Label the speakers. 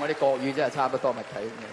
Speaker 1: 我啲國語真係差不多，咪睇。